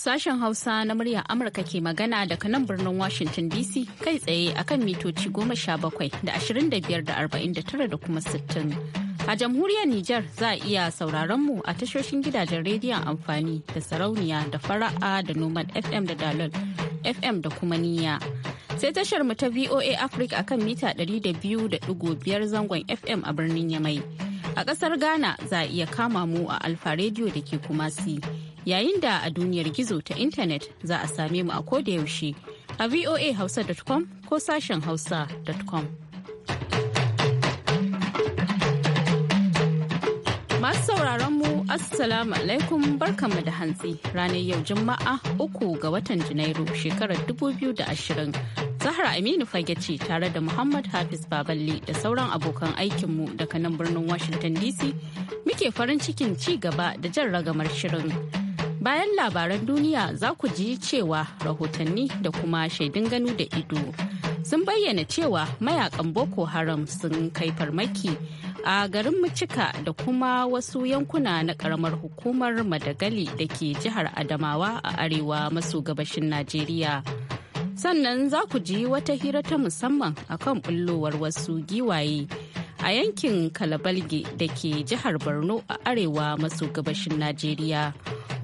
Sashen Hausa na murya Amurka ke magana daga nan birnin Washington DC kai tsaye akan mitoci goma sha bakwai da ashirin da biyar da arba'in da tara da kuma sittin. A jamhuriyar Nijar za a iya sauraron mu a tashoshin gidajen rediyon amfani da sarauniya da fara'a da noman FM da dalol FM da kuma niyya. Sai tashar mu ta VOA Africa akan mita 200.5 zangon FM a birnin Yamai. A ƙasar Ghana za a iya kama mu a Alfa Radio da ke Kumasi. yayin da a duniyar gizo ta intanet za a same mu a yaushe a voahausa.com ko sashen hausa.com. Masu sauraron mu Assalamu alaikum barkanmu da hantsi ranar yau Juma'a uku ga watan Janairu shekarar 2020. Zahra Aminu fage ce tare da Muhammad Hafiz Baballe da sauran abokan aikinmu daga nan birnin Washington DC muke farin cikin ci gaba da jan ragamar shirin. Bayan labaran duniya za ku ji cewa rahotanni da kuma shaidun gano da ido sun bayyana cewa mayakan Boko Haram sun kai farmaki a garin Mucika da kuma wasu yankuna na karamar hukumar Madagali da ke jihar Adamawa a arewa maso gabashin Najeriya. sannan za ku ji wata hira ta musamman a kan bullowar wasu giwaye a yankin kalabalge da ke jihar borno a arewa maso gabashin najeriya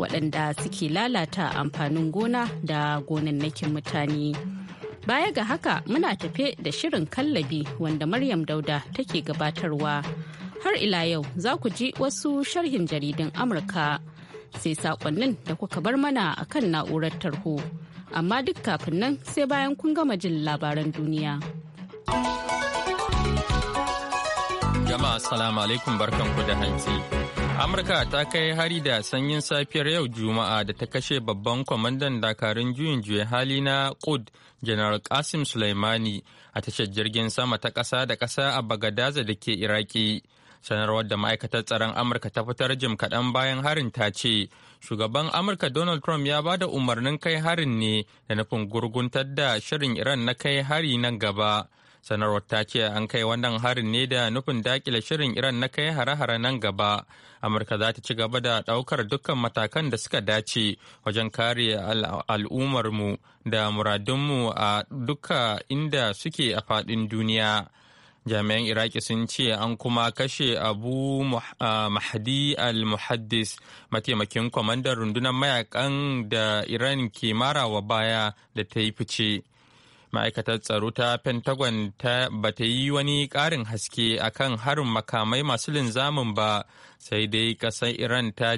waɗanda suke lalata amfanin gona da gonannakin mutane. Baya ga haka muna tafe da shirin kallabi wanda Maryam Dauda take gabatarwa. Har ila yau za ku ji wasu sharhin jaridun Amurka sai saƙonnin da kuka bar mana a kan na'urar tarho. Amma duk kafin nan sai bayan kun gama jin labaran duniya. Jama'a salamu alaikum barkanku da hanci. Amurka ta kai hari da sanyin safiyar yau Juma'a da ta kashe babban kwamandan dakarun juyin juya hali na Qud General Qasim Sulaimani a tashar jirgin sama ta ƙasa da ƙasa a Bagadaza da ke Iraki. Sanarwar da ma'aikatar tsaron Amurka ta fitar jim kaɗan bayan harin ta ce, Shugaban Amurka Donald Trump ya ba da umarnin kai harin ne da nufin gurguntar da shirin Iran na kai hari nan gaba. sanarwar ta ce an kai wannan harin ne da nufin dakile shirin iran na kai hare-hare nan gaba amurka za ta ci gaba da daukar dukkan matakan da suka dace wajen kare al'ummarmu da muradunmu a duka inda suke a fadin duniya jami'an iraki sun ce an kuma kashe abu mahdi al-muhaddis mataimakin kwamandan rundunar mayakan da iran ke marawa baya da ta yi fice ma'aikatar tsaro ta pentagon ta bata yi wani ƙarin haske akan harin makamai masu linzamin ba sai dai ƙasar iran ta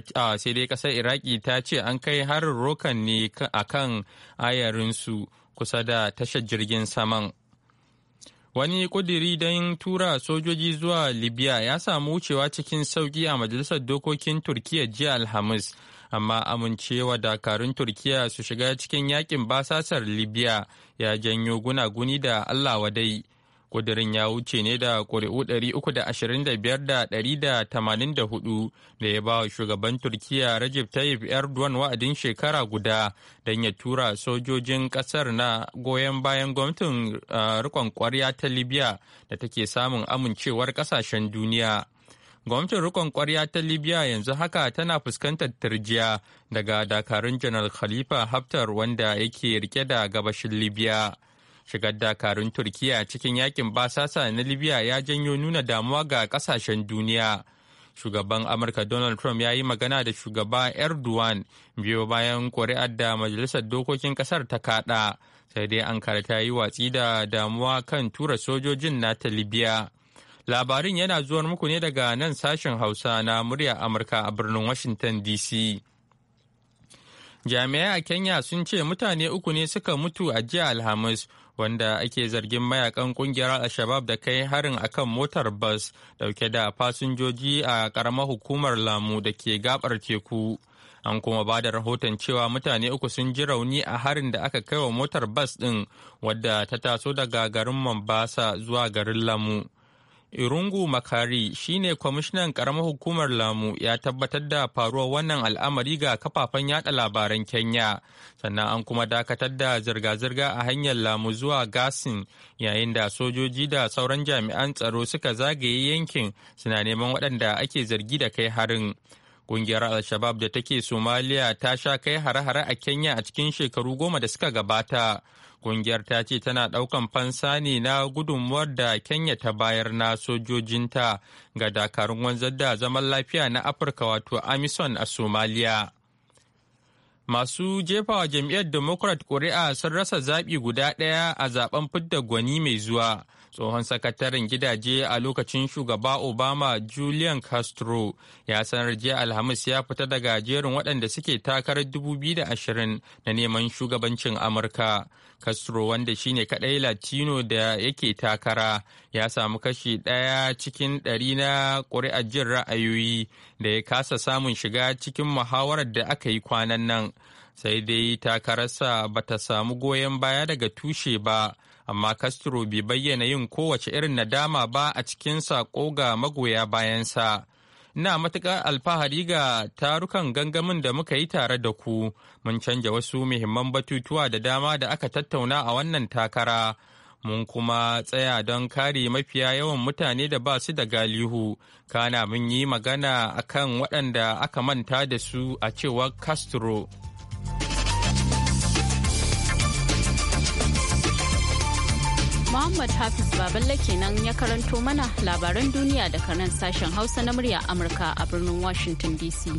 sai dai ƙasar iraki ta ce an kai harin rokan ne akan ayarinsu kusa da tashar jirgin saman wani kudiri don tura sojoji zuwa libya ya samu wucewa cikin sauki a majalisar dokokin turkiyya jiya alhamis amma amincewa dakarun turkiya su shiga cikin yakin basasar libya ya janyo gunaguni da allah wadai kudirin ya wuce ne da ƙuri'u 325,184 da ya ba wa shugaban turkiya rajib tayyip erdogan wa'adin shekara guda don ya tura sojojin ƙasar na goyon bayan gwamnatin eh, rikon ƙwarya ta libya da take samun amincewar ƙasashen duniya. gwamnatin rikon kwarya ta libya yanzu haka tana fuskantar turjiya daga dakarun janar khalifa haftar wanda yake rike da gabashin libya shigar dakarun turkiya cikin yakin basasa na libya ya janyo nuna damuwa ga kasashen duniya shugaban amurka donald trump ya yi magana da shugaba erdogan biyo bayan kuri'ar da majalisar dokokin kasar ta kada sai dai ankara ta yi watsi da damuwa kan tura sojojin na ta libya Labarin yana zuwar muku ne daga nan sashen Hausa na murya Amurka a birnin Washington DC. Jami'ai a Kenya sun ce mutane uku ne suka mutu a jiya Alhamis wanda ake zargin mayakan kungiyar al da kai harin akan motar bas dauke da fasinjoji a karamar hukumar Lamu da ke gabar teku. An kuma ba da rahoton cewa mutane uku sun ji rauni a harin da aka kai wa motar bas ɗin wadda ta taso daga garin Mombasa zuwa garin Lamu. Irungu Makari shine kwamishinan karamar hukumar Lamu ya tabbatar da faruwar wannan al'amari ga kafafen yada labaran Kenya, sannan an kuma dakatar da zirga-zirga a hanyar Lamu zuwa Gasin yayin da sojoji da sauran jami'an tsaro suka zagaye yankin suna neman waɗanda ake zargi da kai harin. ƙungiyar Al-Shabab da take Somalia ta sha kai hare-hare a Kenya a cikin shekaru goma da suka gabata, Kungiyar ta ce tana ɗaukan fansa ne na gudunmuwar da Kenya ta bayar na sojojinta ga dakarun wanzar da zaman lafiya na Afirka wato Amison a somaliya Masu jefawa jam'iyyar Democrat korea sun rasa zaɓi guda ɗaya a zaben fidda gwani mai zuwa. tsohon sakataren gidaje a lokacin shugaba obama julian castro ya sanar jiya alhamis ya fita daga jerin waɗanda suke takarar dubu biyu da ashirin na neman shugabancin amurka castro wanda shine kaɗai latino da yake takara ya samu kashi ɗaya cikin ɗari na ƙuri'ar jin ra'ayoyi da ya kasa samun shiga cikin muhawarar da aka yi kwanan nan sai dai takararsa ba ta samu goyon baya daga tushe ba amma Castro bai bayyana yin kowace irin nadama ba a cikin saƙo ga magoya bayansa. Ina matuƙar alfahari ga tarukan gangamin da muka yi tare da ku, mun canja wasu muhimman batutuwa da dama da aka tattauna a wannan takara. Mun kuma tsaya don kare mafiya yawan mutane da ba su da galihu, kana mun yi magana akan waɗanda aka manta da su a cewar Castro. Muhammad Hafiz Baballe kenan ya karanto mana labaran duniya daga nan sashen Hausa na murya Amurka a birnin Washington DC.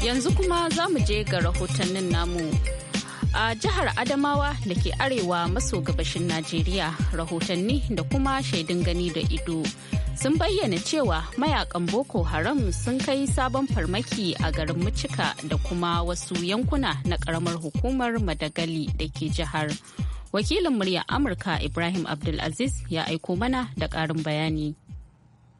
Yanzu kuma za mu je ga rahotannin namu. a jihar adamawa da ke arewa maso gabashin najeriya rahotanni da kuma shaidun gani da ido sun bayyana cewa mayakan boko haram sun kai sabon farmaki a garin mucika da kuma wasu yankuna na karamar hukumar madagali da ke jihar wakilin murya amurka ibrahim abdulaziz ya aiko mana da karin bayani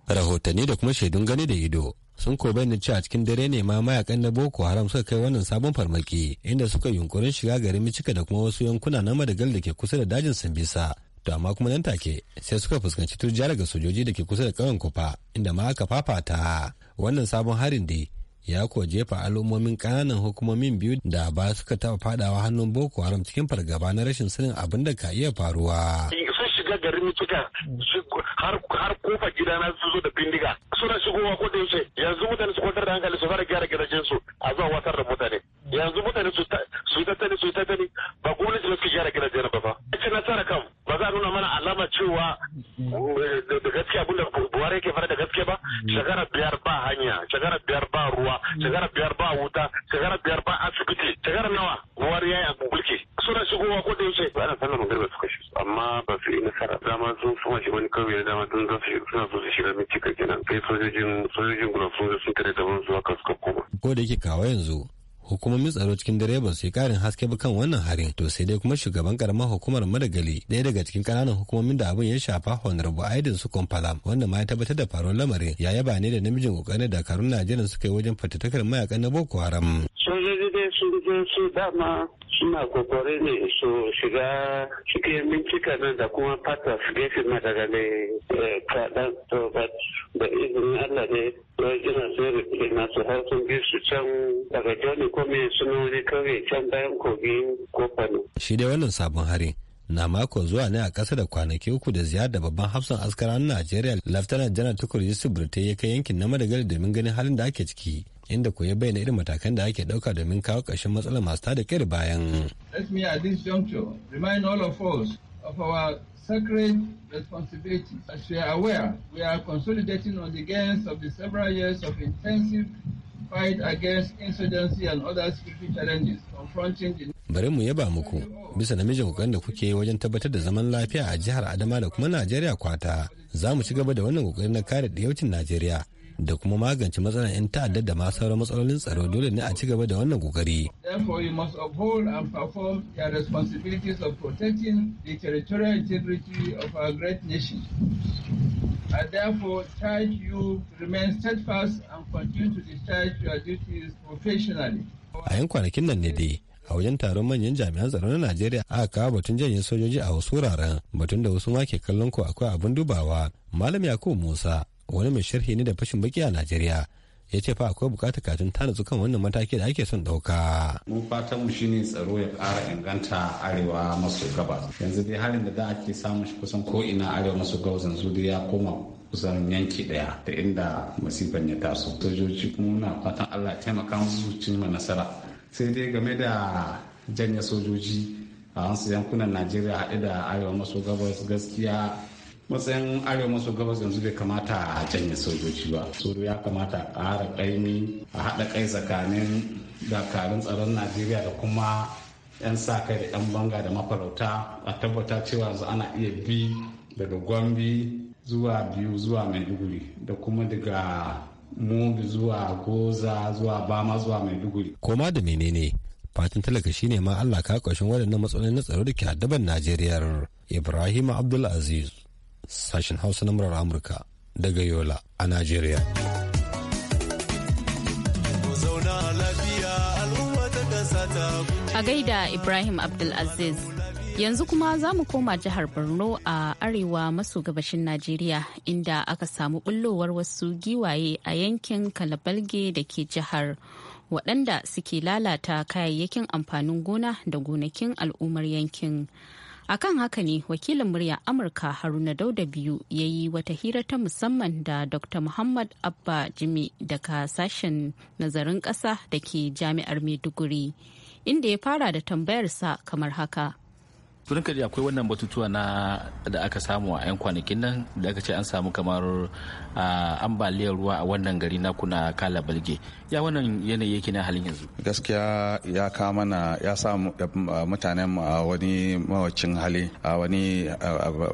rahotanni da kuma shaidun gani da ido sun ko bayyana cewa cikin dare ne ma mayakan na boko haram suka kai wannan sabon farmaki inda suka yunkurin shiga garin micika da kuma wasu yankuna na madagali da ke kusa da dajin sambisa to amma kuma nan take sai suka fuskanci turjiya daga sojoji da ke kusa da ƙauyen kufa inda ma aka fafata wannan sabon harin dai ya kuwa jefa al'ummomin ƙananan hukumomin biyu da ba suka taɓa fadawa hannun boko haram cikin fargaba na rashin sanin abin da ka iya faruwa sun shiga garin suka har kofa gidana su zo da bindiga suna shigowa ko da yaushe yanzu mutane su kwantar da hankali su fara gyara gidajen su a zuwa watar da mutane yanzu mutane su tattali su tattali ba gwamnati ba su gyara gidajen ba fa nasara kan nuna mana alama cewa eh, da gaskiya abin da buhari yake fara da gaskiya ba shekara biyar ba hanya shekara biyar ba ruwa shekara biyar ba wuta shekara biyar ba asibiti shekara nawa buhari ya yi a mulki suna shigowa ko da yaushe ba na sanar magana suka shi amma ba su yi nasara dama sun suma shi wani kauye da dama sun zasu suna so su shiga mai cika kenan sai sojojin sojojin guda sun tare da wani zuwa kasu koma ko da yake kawo yanzu hukumomin tsaro cikin dare ba su yi karin haske ba kan wannan harin to sai dai kuma shugaban karamar hukumar madagali ɗaya daga cikin kananan hukumomin da abin ya shafa honorable aidin su kompalam wanda ma ya tabbatar da faruwar lamarin ya yaba ne da namijin kokarin dakarun najeriya suka yi wajen fatattakar mayakan na boko haram. sun sun ce dama suna kokore ne su shiga cikin bincika nan da kuma fata su gefe ma daga ne eh, kaɗan to da izinin Allah ne jina sun rufe nasu har sun bi su can daga joni ko me suna wani kauye can bayan kogin kofano. shi da wannan sabon hari na mako zuwa ne a ƙasa da kwanaki uku da ziyarar da babban hafsan askaran Najeriya Laftanar Janar Tukur Yusuf Burte ya kai yankin na Madagali domin ganin halin da ake ciki inda ku ya bayyana irin matakan da ake ɗauka domin kawo ƙarshen matsalar masu tada kyar bayan. Let me at this juncture remind all of us of our sacred responsibilities. As you are aware, we are consolidating on the gains of the several years of intensive fight against insurgency and other security challenges confronting the bari mu yaba muku bisa namijin kokarin da kuke wajen tabbatar da zaman lafiya a jihar adama da kuma najeriya kwata za mu ci gaba da wannan kokarin na kare diyaucin najeriya da kuma magance matsalar 'yan ta'adda da ma sauran matsalolin tsaro dole ne a ci gaba da wannan kokari. I therefore charge you to remain steadfast and continue to discharge your duties professionally. A yan kwanakin nan ne dai, a wajen taron manyan jami'an tsaro na Najeriya aka kawo batun janyen sojoji a wasu wuraren batun da wasu ma ke kallon ko akwai abin dubawa. Malam Yakubu Musa wani mai sharhi ne da fashin baki a najeriya ya ce fa akwai bukata bukatar ta nutsu kan wannan mataki da ake son dauka. mu fatan mu shine tsaro ya ƙara inganta arewa maso gabas yanzu dai halin da da ake samun shi kusan ko ina arewa maso gabas yanzu dai ya koma kusan yanki daya da inda masifan ya taso sojoji kuma muna fatan allah taimaka musu cimma nasara sai dai game da janya sojoji a wasu yankunan najeriya haɗe da arewa maso gabas gaskiya matsayin arewa maso gabas yanzu bai kamata a janye sojoji ba tsoro ya kamata a ƙara ƙaimi a haɗa kai tsakanin dakarun tsaron najeriya da kuma 'yan sa kai da 'yan banga da mafarauta a tabbata cewa yanzu ana iya bi daga gombe zuwa biyu zuwa maiduguri da kuma daga mubi zuwa goza zuwa bama zuwa maiduguri koma da menene fatan talaka shine ma allah ka ƙarshen waɗannan matsalolin na tsaro da ke addaban najeriya ibrahim abdulaziz sashen hausa na murar amurka daga yola a najeriya a gaida ibrahim abdulaziz yanzu kuma za mu koma jihar borno a arewa maso gabashin najeriya inda aka samu bullowar wasu giwaye a yankin kalabalge da ke jihar waɗanda suke lalata kayayyakin amfanin gona da gonakin al'ummar yankin. a kan haka ne wakilin murya amurka haruna dauda biyu ya yi wata hira ta musamman da dr muhammad abba jimi daga sashen nazarin ƙasa da ke jami'ar maiduguri inda ya fara da tambayarsa kamar haka tunan kadi akwai wannan batutuwa na da aka samu a 'yan kwanakin nan da aka ce an samu kamar ambaliyar ruwa a wannan gari na kuna kala balge ya wannan yanayi yake na halin yanzu gaskiya ya kama na ya sa mutanen a wani mawacin hali a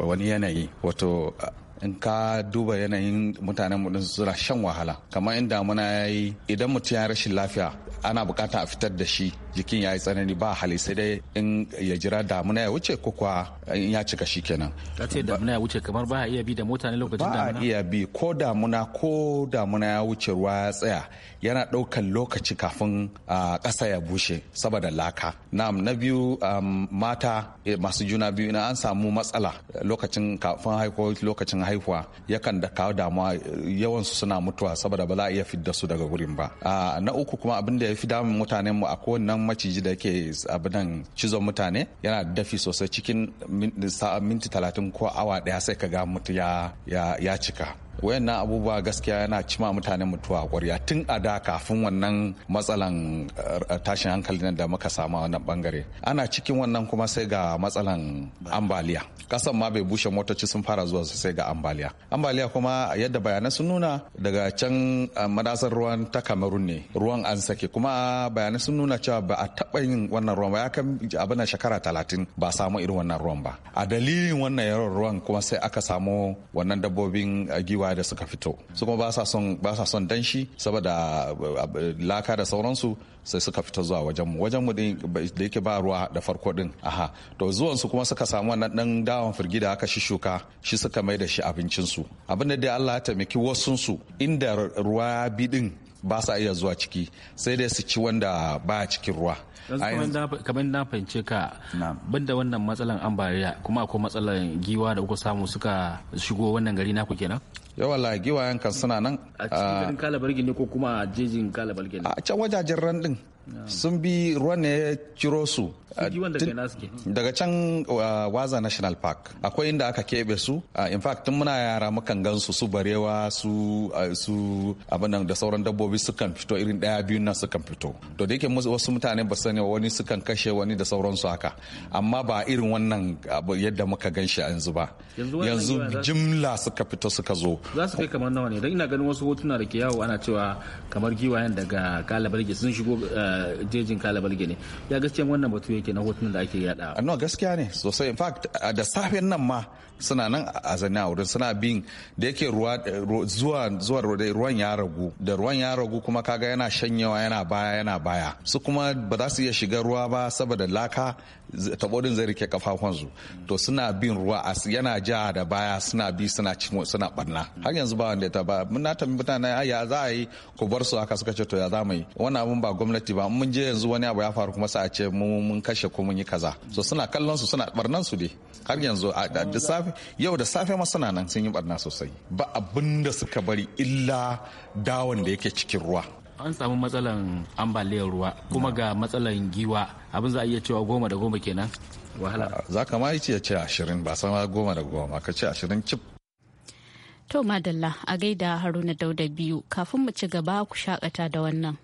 wani yanayi wato in ka duba yanayin mutanen mu suna shan wahala kamar in damuna ya yi idan mutum ya rashin lafiya ana bukata a fitar da shi jikin ya yi tsanani ba hali sai dai in ya jira damuna ya wuce ko kuwa in ya cika shi kenan. ta ce damuna ya wuce kamar ba a iya bi da mota ne lokacin damuna? Ba a iya bi ko damuna ko damuna ya wuce ruwa ya tsaya yana ɗaukan lokaci kafin ƙasa ya bushe saboda laka. Na'am na biyu mata eh, masu juna biyu na an samu matsala lokacin kafin haihuwa lokacin haihuwa yakan da kawo damuwa yawansu suna mutuwa saboda ba za a iya fidda su daga gurin ba. Na uku kuma abin da ya fi damun mutanen mu a kowannan maciji da ke abinan cizon mutane yana dafi sosai cikin minti talatin ko awa daya sai ka ga mutu ya cika wayannan abubuwa gaskiya yana cima mutane mutuwa ƙwarya tun a da kafin wannan matsalan eh, tashin hankali nan da muka samu wannan bangare ana cikin wannan kuma sai ga matsalan ambaliya kasan ma bai bushe motoci sun fara zuwa sai ga ambaliya ambaliya kuma yadda bayanan sun nuna daga can eh, madasar ruwan ta kamerun ne ruwan an sake kuma bayanan sun nuna cewa ba a taɓa yin wannan ruwan ba ya kan abin shekara talatin ba samu irin wannan ruwan ba a dalilin wannan yawan ruwan kuma sai aka samu wannan dabbobin eh, giwa da suka fito su kuma ba sa son danshi saboda eh, eh, laka da sauransu sai suka fito zuwa wajenmu wajenmu da yake ba ruwa da farko din aha to zuwansu kuma suka samu wannan dan dawon firgida aka shishuka shi suka mai da shi abincinsu abin da dai Allah ya taimaki wasunsu inda ruwa bi din ba sa iya zuwa ciki sai dai su ci wanda ba cikin ruwa kamar na fahimce ka banda wannan matsalan ambaliya kuma akwai matsalan giwa da kuka samu suka shigo wannan gari naku kenan yawa lagiwayen kan suna nan a cikin ah, kalabargi ne ko kuma a jejin kalabargi ne a can wajajen ran din ah. sun bi ruwan ne ya ciro su ah, daga can waza national park akwai inda aka keɓe su in fact tun muna yara mukan gansu su barewa su su abinan da sauran dabbobi sukan fito irin daya biyun nan sukan fito to da yake wasu mutane ba sani wani sukan kashe wani da sauransu haka amma ba irin wannan yadda muka gan shi yanzu ba yanzu jimla suka fito suka zo za su kai kamar nawa ne don ina ganin wasu hotuna da ke yawo ana cewa kamar giwayen daga kalabalge sun shigo eh, jejin kalabalge ne ya gaskiya wannan batu yake na hotunan da ake yada no gaskiya ne sosai in fact da safen nan ma suna nan a zane a wurin suna bin da yake ruwa zuwa zuwa ruwan ya ragu da ruwan ya ragu kuma kaga yana shanyewa yana baya yana baya su kuma ba za su iya shiga ruwa ba saboda laka tabodin zai rike kafafunsu to suna bin ruwa yana ja da baya suna bi suna suna barna har yanzu ba wanda ta ba mun na mutane ya za a yi ku bar su haka suka ce to ya za mu yi wannan abun ba gwamnati ba mun je yanzu wani abu ya faru kuma sai a ce mun kashe ko mun yi kaza so suna kallon su suna barnan su dai har yanzu da safe yau da safe ma suna nan sun yi barna sosai ba abin da suka bari illa dawon da yake cikin ruwa an samu matsalan ambaliyar ruwa kuma ga matsalan giwa abin za a iya cewa goma da goma kenan wahala za ka ma ce ce ashirin ba sama goma da goma ka ce ashirin cip To Madalla a gaida Haruna Dauda biyu kafin mu ci gaba ku shakata da wannan.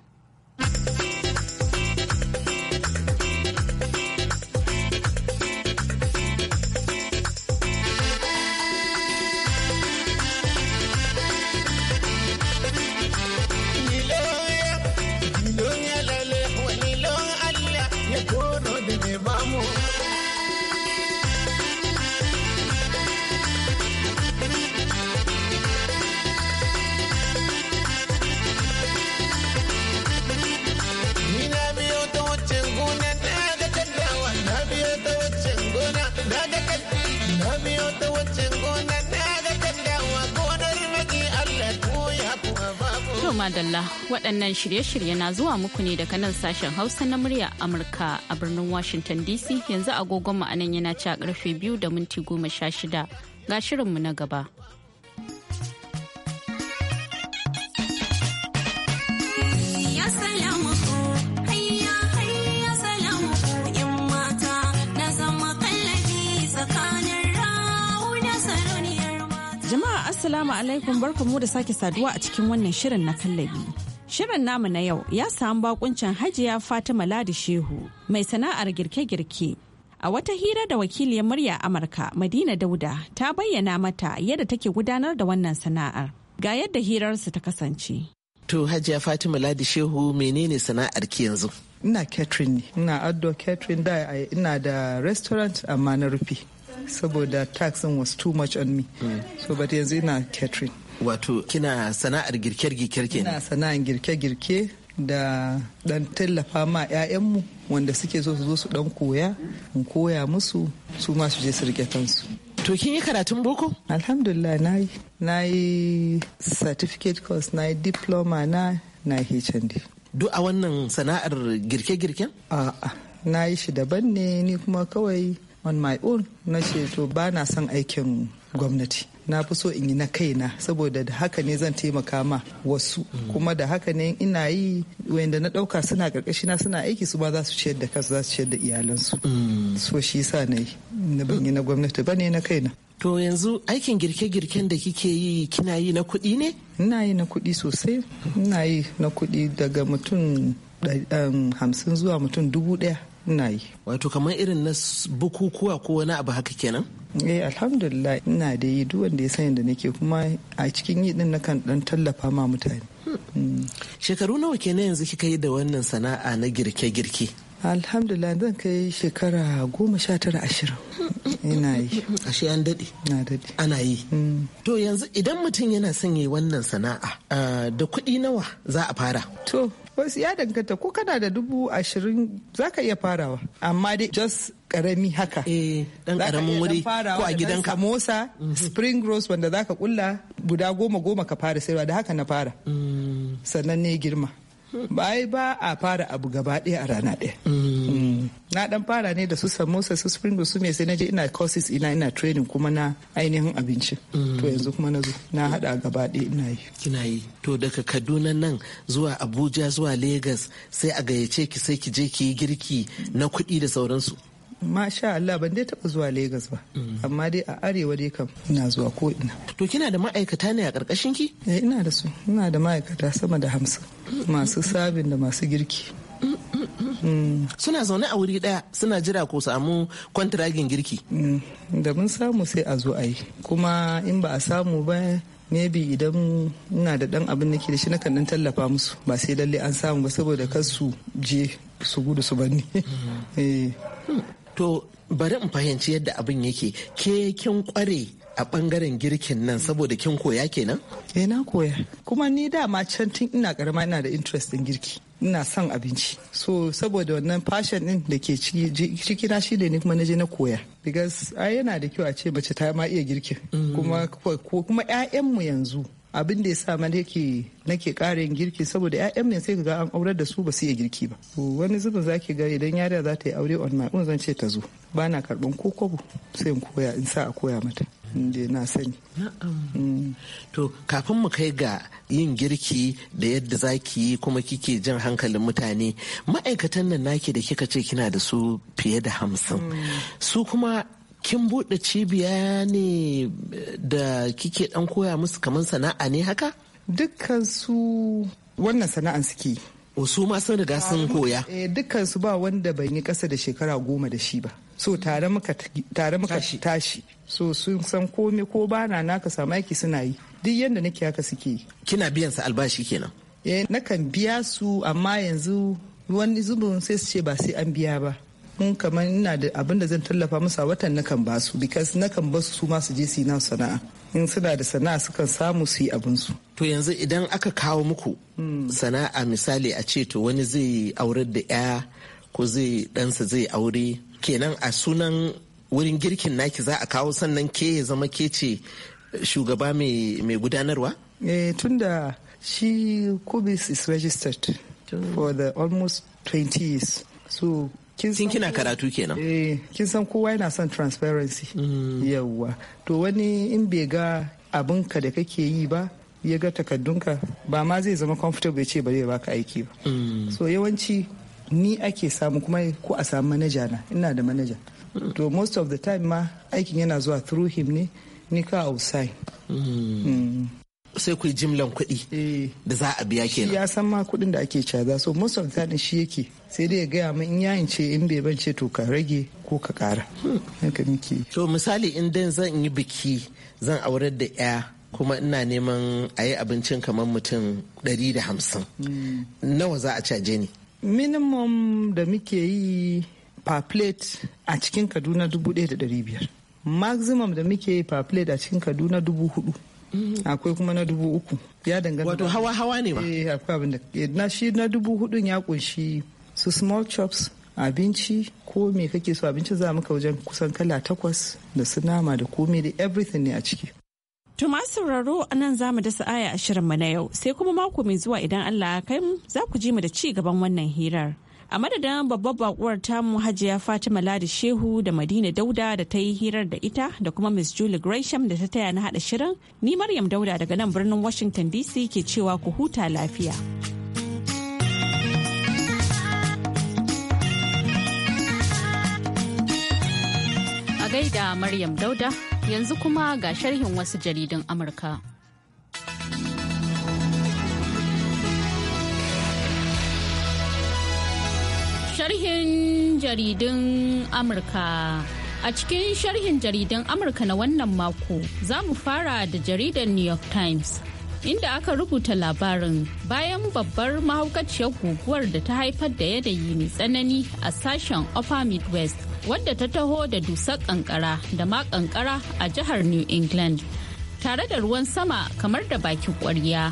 madalla waɗannan shirye-shirye na zuwa muku ne daga nan sashen hausa na murya amurka a birnin washington dc yanzu agogon ma'anan yana ci a karfe biyu da minti goma sha shida ga shirinmu na gaba. Assalamu alaikum barkamu da sake saduwa a cikin wannan shirin na kallabi. Shirin namu na yau ya samu bakuncin Hajiya Fatima Ladi Shehu mai sana'ar girke-girke. A wata hira da wakiliyar murya Amurka Madina Dauda ta bayyana mata yadda take gudanar da wannan sana'ar. Ga yadda hirarsu ta kasance. To Hajiya Fatima Ladi Shehu menene sana'ar ki yanzu? Ina catering ne, ina outdoor catering da ina da restaurant amma na rufe. saboda tax was too much on me so but yanzu ina catering wato kina sana'ar girke-girke kenan ina sana'ar girke-girke da dan tallafa ma 'ya'yanmu wanda suke so su zo su dan koya in koya musu su ma su je su rike kansu to kin yi karatun boko alhamdulillah na yi na yi certificate course na yi diploma na na hnd duk a wannan sana'ar girke-girken a'a na yi shi daban ne ni kuma kawai on my own na ce to ba na son aikin gwamnati na fi so in yi na kaina saboda da haka ne zan taimaka ma wasu kuma da haka ne ina yi wanda na dauka suna karkashi na suna aiki su ba za su ciyar da kansu za su ciyar da iyalansu mm. so shi sa na yi na ban yi na gwamnati ba ne na kaina to yanzu aikin girke-girken da kike yi kina yi na kuɗi ne ina yi na kuɗi sosai ina yi na kuɗi daga mutum um, hamsin zuwa mutum dubu ɗaya ina yi wato kamar irin na bukukuwa ko wani abu haka kenan eh alhamdulillah ina da yi duk wanda ya sani da nake kuma a cikin yi din nakan dan tallafa ma mutane hmm. Hmm. shekaru nawa kenan yanzu kika yi da wannan sana'a na girke-girke alhamdulillah zan kai shekara goma sha tara ashirin ina yi ashe an daɗe na daɗe ana yi hmm. to yanzu idan mutum yana son yi wannan sana'a ah, da kuɗi nawa za a fara to wasu ya danganta ko kana da dubu ashirin za ka iya farawa amma dai just karami haka dan eh, karamin wuri ko a ka mosa mhm. spring rose wanda za ka kulla guda goma goma ka fara sayarwa da haka na fara mm. sannan ne girma bai ba a fara abu gaba ɗaya a rana ɗaya mm. na dan fara ne da su samosa su spring su me sai naje ina courses ina ina training kuma na ainihin abinci mm. to yanzu kuma na zo na hada gaba ɗaya ina yi kina yi to daga Kaduna nan zuwa Abuja zuwa Lagos sai a gayyace ki sai ki je ki yi girki na kuɗi da sauransu masha Allah ban dai taba zuwa Legas ba mm. amma dai a arewa dai kam ina zuwa ko ina to kina da ma'aikata ne a karkashin ki eh ina da su ina da ma'aikata sama da hamsin mm. masu sabin da masu girki suna zaune a wuri daya suna jira ko samu kwantiragin girki mm, da mun samu sai a zo a yi kuma in ba a samu ba maybe idan ina da dan abin nake da shi na dan tallafa musu ba sai lalle an samu ba saboda kar su je su gudu su bani mm-hmm. eh. hmm. to bari in fahimci yadda abin yake ke kin kware a bangaren girkin nan saboda kin koya kenan? Eh na koya. Kuma ni dama can tun ina karama ina da interest in girki. Ina son abinci. So saboda wannan fashion din da ke ciki na shi da ni kuma naje na koya. Because ai yana da kyau a ce mace ta ma iya girki. Mm. Kuma kuma mu yanzu abin da ya sa ma nake nake karin girki saboda ƴaƴan mai sai ga an aurar da su ba su iya girki ba wani zubin zaki ga idan yara za ta yi aure on my own zan ce ta zo bana karban ko sai in koya in sa a koya mata inda na sani mm. to kafin mu kai ga yin girki da yadda za ki yi kuma kike jan hankalin mutane ma'aikatan nan naki da kika ce kina da su fiye da hamsin mm. su kuma kin buɗe cibiya ne da kike ɗan koya musu kamar sana'a ne haka dukkan su wannan sana'an suke su ma sun riga sun koya eh, dukkan su ba wanda ban yi ƙasa da shekara goma da shi ba so tare muka tashi so sun san komai ko bana naka samu aiki suna yi duk yadda nake haka suke yi kina biyan su albashi kenan eh nakan biya su amma yanzu wani zubin sai su ce ba sai an biya ba mun kamar ina da abin da zan tallafa musu a watan nakan ba su because nakan ba su su ma su je su nan sana'a in suna da sana'a sukan samu su yi abin su to yanzu idan aka kawo muku hmm. sana'a misali a ce to wani zai aurar da ya ko zai ɗansa zai aure kenan a sunan wurin girkin naki za a kawo sannan ke ya zama ke ce shugaba mai gudanarwa? Eh, tunda shi kubis is registered for the almost 20 years. So kin kina karatu kenan eh, kin san kowa yana son transparency mm. yawwa to wani in bai ga abinka da kake yi ba ya ga takaddunka ba ma zai zama comfortable ya ce ba zai baka aiki ba mm. so yawanci ni ake samu kuma ko a samu manaja na ina da manaja to most of the time ma aikin yana zuwa through him ne ni ka ausai hmm. sai ku jimlan kuɗi eh. da za a biya kenan. ya san ma kuɗin da ake caza so most of the time shi yake sai dai ya gaya min in yayin ce in bai bance to ka rage ko ka ƙara. to misali in dan zan yi biki zan aurar da 'ya kuma ina neman a yi abincin kamar mutum 150 hmm. nawa za a caje ni minimum da muke yi per plate a cikin kaduna 1,500 maximum da muke per plate a cikin kaduna 4,000 akwai kuma na dubu uku ya dangana wato hawa hawa ne ba eh, na shi na dubu hudun ya kunshi su small chops abinci ko me kake so abinci za muka wajen kusan kala takwas da su nama da komai da everything ne a ciki To masu sauraro a nan za mu dasa aya ashirin mu na yau sai kuma mako mai zuwa idan Allah ya kai za ku ji mu da ci gaban wannan hirar. a madadin babbar bakuwar tamu hajiya fatima ladi shehu da madina dauda da ta yi hirar da ita da kuma miss julie gresham da ta taya na hada shirin ni maryam dauda daga nan birnin washington dc ke cewa ku huta lafiya a gaida maryam dauda yanzu kuma ga sharhin wasu jaridun amurka Sharhin jaridun Amurka. A cikin sharhin jaridan Amurka na wannan mako za mu fara da jaridar New York Times. Inda aka rubuta labarin bayan babbar mahaukaciyar guguwar da ta haifar da yanayi mai tsanani a sashen Upper Midwest wadda ta taho da dusar kankara da ma kankara a jihar New England tare da ruwan sama kamar da bakin kwarya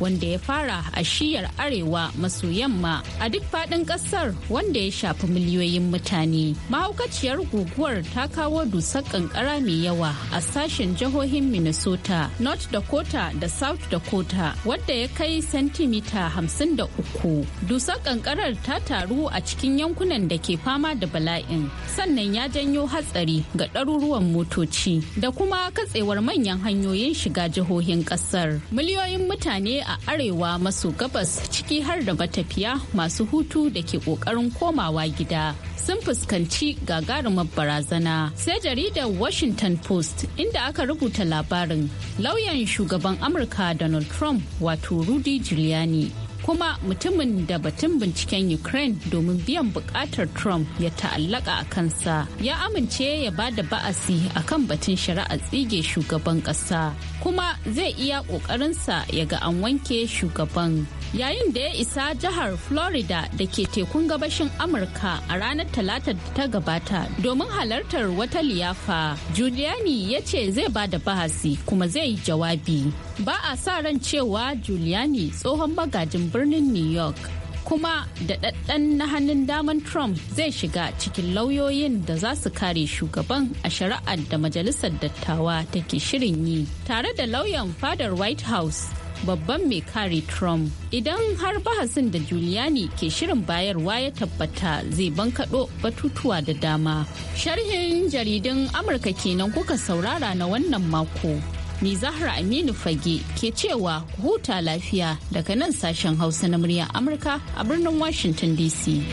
wanda ya fara a shiyar arewa maso yamma a duk faɗin ƙasar wanda ya shafi miliyoyin mutane. Mahaukaciyar guguwar ta kawo dusar ƙanƙara mai yawa a sashen jihohin Minnesota, North Dakota da South Dakota wadda ya kai sentimita 53. Dusar ƙanƙarar ta taru a cikin yankunan da ke fama da bala'in sannan ya janyo hatsari ga ɗaruruwan motoci da kuma katsewar manyan hanyoyin shiga jihohin ƙasar. Miliyoyin mutane a arewa maso gabas ciki har da matafiya masu hutu da ke kokarin komawa gida sun fuskanci gagarumar barazana. Sai jaridar Washington Post inda aka rubuta labarin lauyan shugaban Amurka Donald Trump wato Rudy Giuliani. kuma mutumin da batun binciken ukraine domin biyan bukatar trump ya ta'allaka a kansa ya amince ya ba da ba'asi akan batun shari'a tsige shugaban kasa kuma zai iya ƙoƙarinsa ya ga an wanke shugaban. Yayin da ya isa jihar Florida da ke tekun gabashin Amurka a ranar Talata da ta gabata domin halartar wata liyafa, Giuliani ya ce zai ba da bahasi kuma zai yi jawabi. Ba a sa ran cewa Giuliani tsohon magajin birnin New York kuma da ɗaɗɗan na hannun daman trump zai shiga cikin lauyoyin da za su kare shugaban a shari'ar da majalisar dattawa take shirin yi tare da lauyan fadar white house babban mai kare Trump. Idan har bahasin da Giuliani ke shirin bayarwa ya tabbata zai bankaɗo batutuwa da dama. Sharhin jaridun Amurka kenan kuka saurara na wannan mako. Ni Zahra Aminu Fage ke cewa huta lafiya daga nan sashen Hausa na muryar Amurka a birnin Washington DC.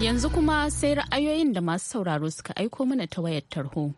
Yanzu kuma sai ra'ayoyin da masu sauraro suka aiko mana ta wayar tarho.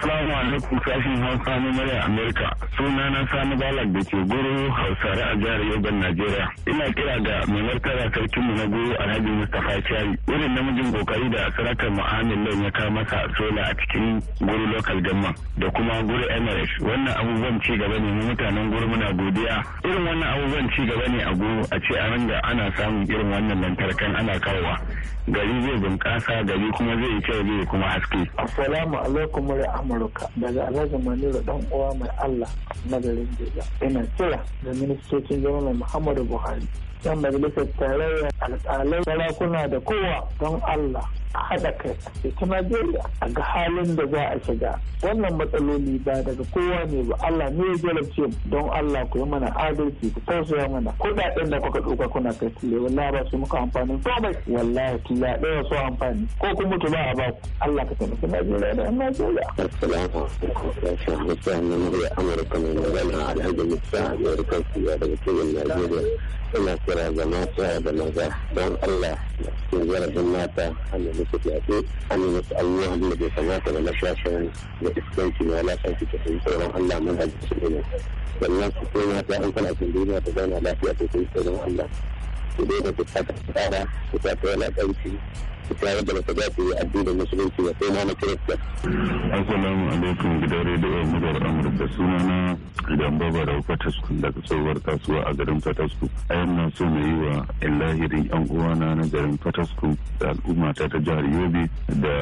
Assalamu alaikum sashen Hausa na murya Amerika. Suna na Sani Balak da ke guru Hausare a jihar Yobe Najeriya. Ina kira ga mai martaba sarkin mu na guru Alhaji Mustapha Chari. Irin namijin kokari da sarakar Muhammad Lawan ya kawo masa sola a cikin guru local gamma da kuma guru Emirates. Wannan abubuwan ci gaba ne mu mutanen guru muna godiya. Irin wannan abubuwan ci gaba ne a guru a ce a ranga ana samun irin wannan lantarkan ana kawowa. Gari zai bunƙasa gari kuma zai yi kyau zai kuma haske. Assalamu alaikum wa amurka daga alhaji manira dan uwa mai allah na garin jega ina kira da ministocin jami'ar muhammadu buhari yan majalisar tarayya alƙalai sarakuna da kowa don Allah a haɗa kai ita Najeriya a ga halin da za a shiga wannan matsaloli ba daga kowa ne ba Allah ne ya jarabce don Allah ku yi mana adalci ku tausaya mana kuɗaɗen da kuka ɗauka kuna kai tule wallahi ba su muka amfani komai wallahi tula ɗaya su amfani ko kuma mutu ba a ba ku Allah ka taimaki Najeriya da Najeriya. Assalamu alaikum Amurka mai magana Alhaji Musa Amurka daga Kebbi Najeriya. Ina kira ga mata da maza don Allah da cikin zarafin mata an da su fiye an da musu ayyukan da bai kamata da na da iskanci na lafiya su cikin tsoron Allah mun hajji su ne sannan su ko mata an kana cin duniya ta zauna lafiya ta cikin tsoron Allah su dai da ta tsara su ta tsara ƙarfi fita yadda ba ta dace addinin musulunci ba sai na kirista. Assalamu alaikum gidan rediyo mugar Amurka sunana idan baba da Fatasku daga tsohuwar kasuwa a garin Fatasku. A yamma so na yi wa illahirin yan uwana na garin Fatasku da al'umma ta ta jihar Yobe da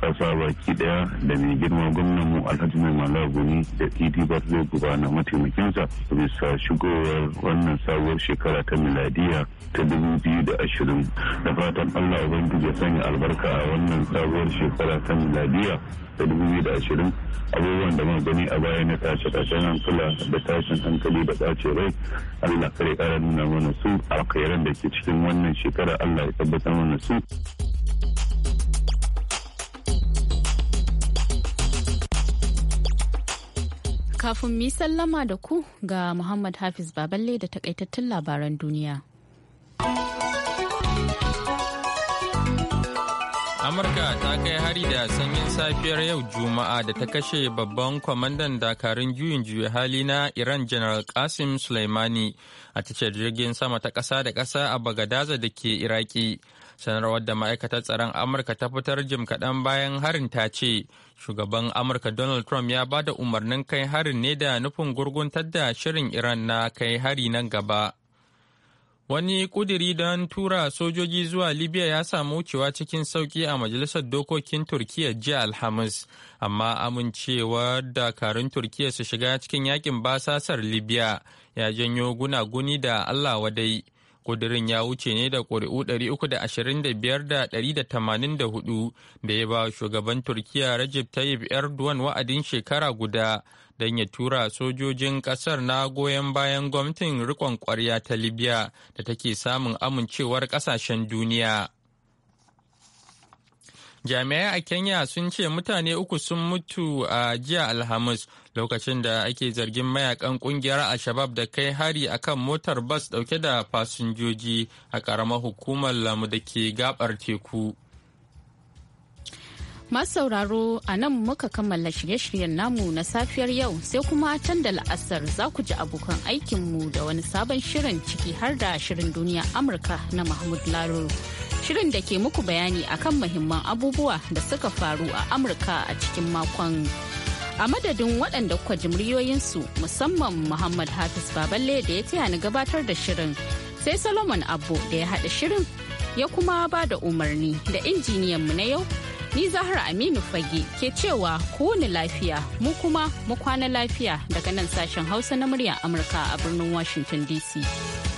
ƙasa baki ɗaya da mai girma gwamnan mu Alhaji Mai Malaguni da Idi Barzo Guba na mataimakinsa bisa shigowar wannan sabuwar shekara ta miladiya ta dubu biyu da ashirin da fatan Allah Ubangiji sanya albarka a wannan sabuwar shekara ta miladiya ta 2020 abubuwan da muka gani a baya na tashi tashen hankula da tashin hankali da ɓace rai allah kare kara nuna mana su alkhairan da ke cikin wannan shekara allah ya tabbatar mana su kafin mu sallama da ku ga Muhammad Hafiz Baballe da takaitattun labaran duniya. Amurka ta kai hari da sanyin safiyar yau Juma'a da ta kashe babban kwamandan dakarun juyin juya hali na Iran General Qasim suleimani a tashar jirgin sama ta ƙasa da ƙasa a Bagadaza da ke Iraki. Sanarwar da ma'aikatar tsaron Amurka ta fitar jim kaɗan bayan harin ta ce, Shugaban Amurka Donald Trump ya ba da umarnin kai harin ne da nufin gurguntar da shirin Iran na kai hari nan gaba. Wani ƙudiri don tura sojoji zuwa Libya ya samu wucewa cikin sauƙi a Majalisar Dokokin Turkiyya jiya Alhamis, amma amincewa dakarun Turkiyya su shiga cikin yakin basasar Libya ya janyo guna guni da Allah wadai kudirin ya wuce ne da ƙuri'u 325,184 da ya ba shugaban turkiya rajib Tayyip Erdogan wa'adin shekara guda don ya tura sojojin ƙasar na goyon bayan gwamnatin riƙon ƙwarya ta Libya da take samun amincewar ƙasashen duniya. Jami'ai a Kenya sun ce mutane uku sun mutu a jiya Alhamis lokacin da ake zargin mayakan kungiyar al-shabab da kai hari akan motar bas dauke da fasinjoji a karamar hukumar lamu da ke gabar teku masu sauraro a nan muka kammala shirye-shiryen namu na safiyar yau sai kuma can da la'asar za ku ji abokan aikinmu da wani sabon shirin ciki har da shirin duniya amurka na mahmud laro shirin da ke muku bayani akan muhimman abubuwa da suka faru a amurka a cikin makon a madadin waɗanda kuka ji muryoyinsu musamman Muhammad Hafiz Baballe da ya taya ni gabatar da shirin sai Solomon Abbo da ya haɗa shirin ya kuma ba da umarni da injiniyan mu na yau ni Zahra Aminu Fage ke cewa ni lafiya mu kuma mu kwana lafiya daga nan sashen Hausa na muryar Amurka a birnin Washington DC.